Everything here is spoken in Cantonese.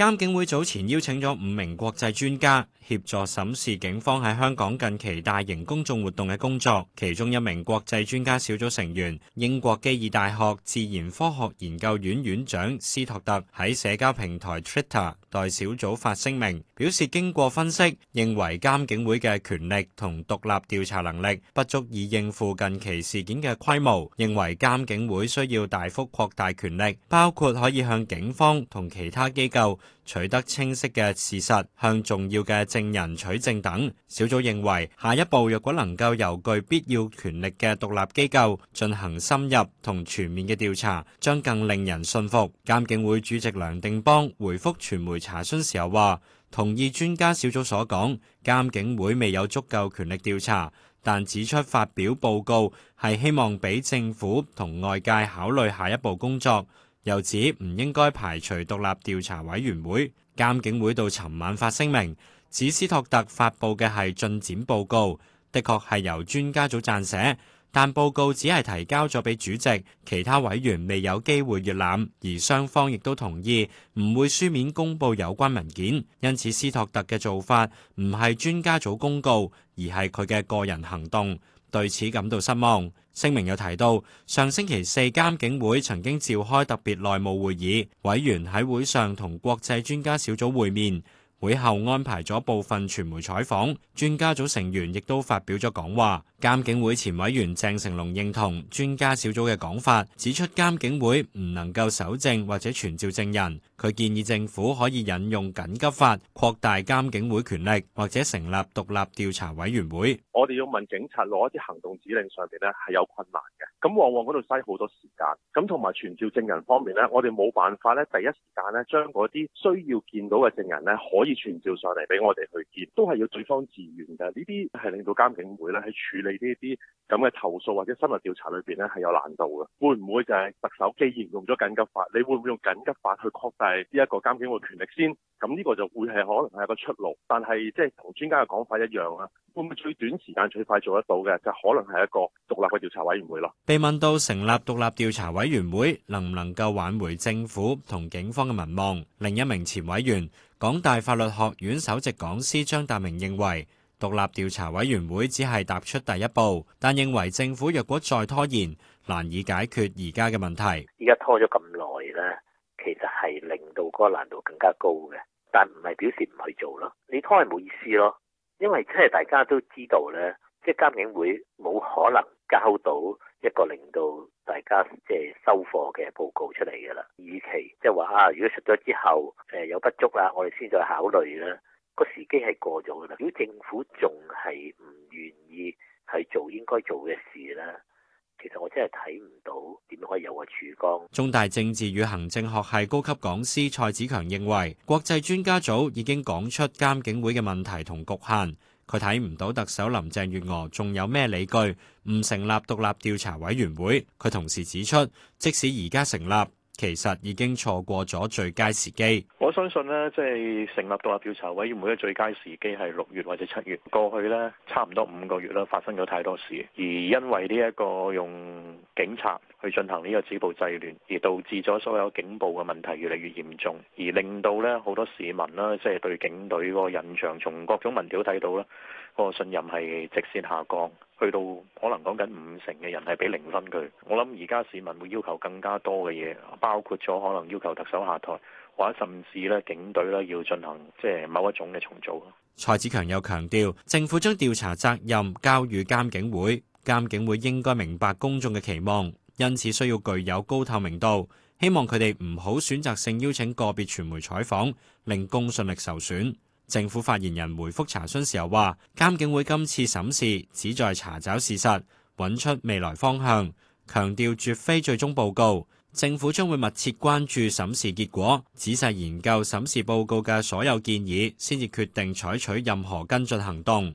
監警會早前邀請咗五名國際專家協助審視警方喺香港近期大型公眾活動嘅工作，其中一名國際專家小組成員，英國基爾大學自然科學研究院院長斯托特喺社交平台 Twitter，代小組發聲明表示，經過分析，認為監警會嘅權力同獨立調查能力不足以應付近期事件嘅規模，認為監警會需要大幅擴大權力，包括可以向警方同其他機構取得清晰嘅事實，向重要嘅證人取證等。小組認為下一步若果能夠由具必要權力嘅獨立機構進行深入同全面嘅調查，將更令人信服。監警會主席梁定邦回覆傳媒。查詢時候話同意專家小組所講，監警會未有足夠權力調查，但指出發表報告係希望俾政府同外界考慮下一步工作。又指唔應該排除獨立調查委員會。監警會到尋晚發聲明，指斯托特發佈嘅係進展報告，的確係由專家組撰寫。但報告只係提交咗俾主席，其他委員未有機會閱覽，而雙方亦都同意唔會書面公佈有關文件。因此，斯托特嘅做法唔係專家組公告，而係佢嘅個人行動。對此感到失望。聲明又提到，上星期四監警會曾經召開特別內務會議，委員喺會上同國際專家小組會面，會後安排咗部分傳媒採訪，專家組成員亦都發表咗講話。監警會前委員鄭成龍認同專家小組嘅講法，指出監警會唔能夠搜證或者傳召證人。佢建議政府可以引用緊急法擴大監警會權力，或者成立獨立調查委員會。我哋要問警察攞一啲行動指令上邊呢係有困難嘅，咁往往嗰度嘥好多時間。咁同埋傳召證人方面呢，我哋冇辦法咧，第一時間呢，將嗰啲需要見到嘅證人呢，可以傳召上嚟俾我哋去見，都係要對方自願嘅。呢啲係令到監警會咧喺處理。呢啲咁嘅投訴或者深入調查裏邊咧，係有難度嘅。會唔會就係特首既然用咗緊急法，你會唔會用緊急法去擴大呢一個監警嘅權力先？咁呢個就會，係可能係一個出路。但係即係同專家嘅講法一樣啊，會唔會最短時間最快做得到嘅，就可能係一個獨立嘅調查委員會咯？被問到成立獨立調查委員會，能唔能夠挽回政府同警方嘅民望，另一名前委員港大法律學院首席講師張達明認為。獨立調查委員會只係踏出第一步，但認為政府若果再拖延，難以解決而家嘅問題。而家拖咗咁耐咧，其實係令到嗰個難度更加高嘅。但唔係表示唔去做咯，你拖係冇意思咯。因為即係大家都知道咧，即係監警會冇可能交到一個令到大家即係收貨嘅報告出嚟噶啦。與其即係話啊，如果出咗之後誒，呃，有不足啦，我哋先再考慮啦。個時機係過咗噶啦，如果政府仲係唔願意去做應該做嘅事咧，其實我真係睇唔到點可以有個曙光。中大政治與行政學系高級講師蔡子強認為，國際專家組已經講出監警會嘅問題同局限，佢睇唔到特首林鄭月娥仲有咩理據唔成立獨立調查委員會。佢同時指出，即使而家成立。其實已經錯過咗最佳時機。我相信呢，即係成立獨立調查委員會嘅最佳時機係六月或者七月。過去呢，差唔多五個月啦，發生咗太多事。而因為呢一個用警察去進行呢個止暴制亂，而導致咗所有警暴嘅問題越嚟越嚴重，而令到呢好多市民咧，即係對警隊個印象，從各種民調睇到咧，個信任係直線下降。去到可能講緊五成嘅人係俾零分佢，我諗而家市民會要求更加多嘅嘢，包括咗可能要求特首下台，或者甚至咧警隊咧要進行即係某一種嘅重組。蔡子強又強調，政府將調查責任交予監警會，監警會應該明白公眾嘅期望，因此需要具有高透明度，希望佢哋唔好選擇性邀請個別傳媒採訪，令公信力受損。政府發言人回覆查詢時候話，監警會今次審視旨在查找事實，揾出未來方向，強調絕非最終報告。政府將會密切關注審視結果，仔細研究審視報告嘅所有建議，先至決定採取任何跟進行動。